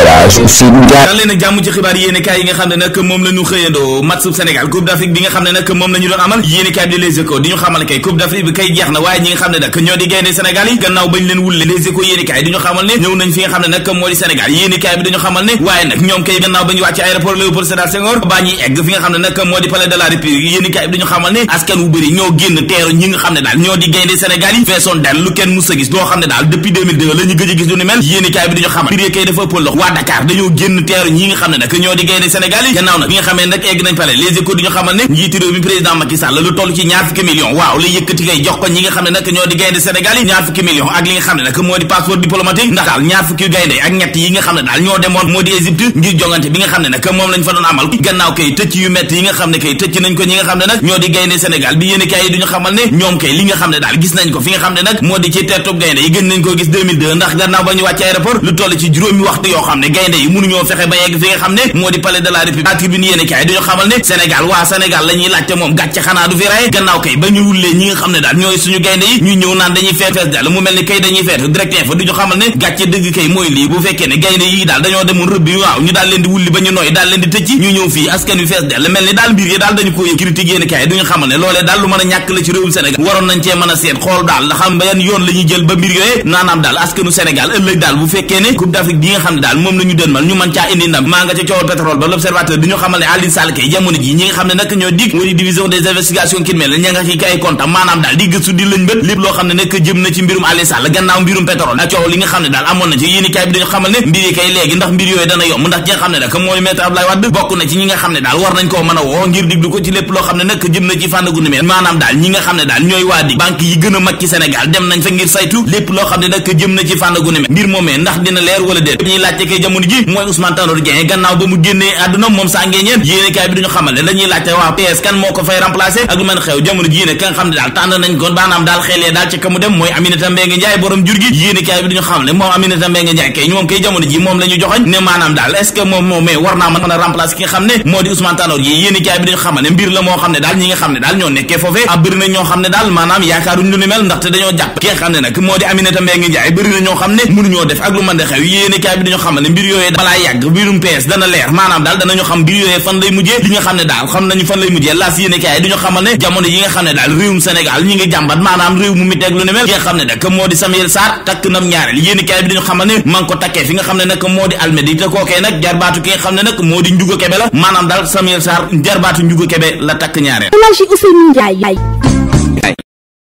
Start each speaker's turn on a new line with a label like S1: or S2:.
S1: éclairage Seydou yi nga xam ne nag moom la ñu xëyandoo match Sénégal Coupe d'Afrique bi nga xam ne nag moom la doon amal yéenekaay bi di xamal kay na waaye ñi di gaynde Sénégal yi gannaaw bañ bi dañu xamal ne askan wu bëri ñoo génn teeru ñi nga xam ne daal ñoo di gaynde Sénégal yi feesoon daal lu kenn mus a gis loo xam ne daal depuis 2002 la ñu gëj a gis lu mel yéenekaay bi dañu xamal mbir kay dafa ëppoon loxo waa dañoo génn teeru ñi nga xam ne nag ñoo di gaynde Sénégal bi nga kay duñu xamal ne ñoom kay li nga xam ne daal gis nañ ko fi nga xam ne nag moo di ci tertub gaynde yi gën nañ ko gis ndax gannaaw ba ñu wàcc aéroport lu toll ci juróomi waxtu yoo xam xam mu mel ni kay dañuy feet direct info du xamal ne gàcce dëgg kay mooy lii bu fekkee ne gaynde daal lu mën a ñàkk la ci réewum Sénégal waroon nañ cee mën a seet xool daal xam ba yoon la jël ba mbir yooyee naanaam daal askanu Sénégal ëllëg daal bu fekkee ne coupe d'Afrique bi xam ne daal moom la ñu dënmal ñu mën caa indi ndam maa nga ca coowal pétrole ba l'observateur di ñu xamal ne Aliou Sall kay jamono ji ñi nga xam ne nag ñoo dig mu di division des investigations criminelles ña nga ci ay compte maanaam daal di gëstu di lañ bët lépp loo xam ne nag jëm na ci mbirum Aliou Sall gannaaw mbirum pétrole ak coow li nga xam ne daal amoon na ci yéeni kaay bi dañu xamal ne mbir yi kay léegi ndax mbir yooyu dana yomb ndax ki nga xam ne nag mooy maître Abdoulaye Wade bokk na ci ñi nga xam ne daal war nañ koo mën a woo ngir diglu ko ci lépp loo xam ne nag jëm na ci fànn gu numé maanaam daal ñi nga xam ne daal ñooy waa di banque yi gën a mag ci Sénégal dem nañ fa ngir saytu lépp loo xam ne nag jëm na ci fànn gu numé mbir moomee ndax dina leer wala déet ñuy laajte kay jege jamono ji mooy Ousmane Tanor ji ne kay a bi duñu xamal ne mbir la moo xam ne daal ñoo nekkee foofee a ah bëri na ñoo xam ne daal maanaam yaakaaruñ lu ni mel ndaxte dañoo jàpp ki xam ne nag moo di Aminata Mbengue Ndiaye bëri na xam ne mënuñoo def ak lu mën xew yéenekaay bi duñu xamal ne mbir yooyee balaa yàgg mbirum PS dana leer maanaam daal danañu xam mbir yooyee fan lay mujjee li nga xam ne daal xam nañu fan lay mujjee laas yéene kaay duñu xamal ne jamono yi nga xam ne daal xamal ne ma ngi ko takkee fi nga xam ne nag moo di Almadi te kookee nag jarbaatu ki nga xam ne nag moo di Ndiouga Kébé la maanaam daal Samuel Sarr jarbaatu Ndiouga Kébé la takk ñaareel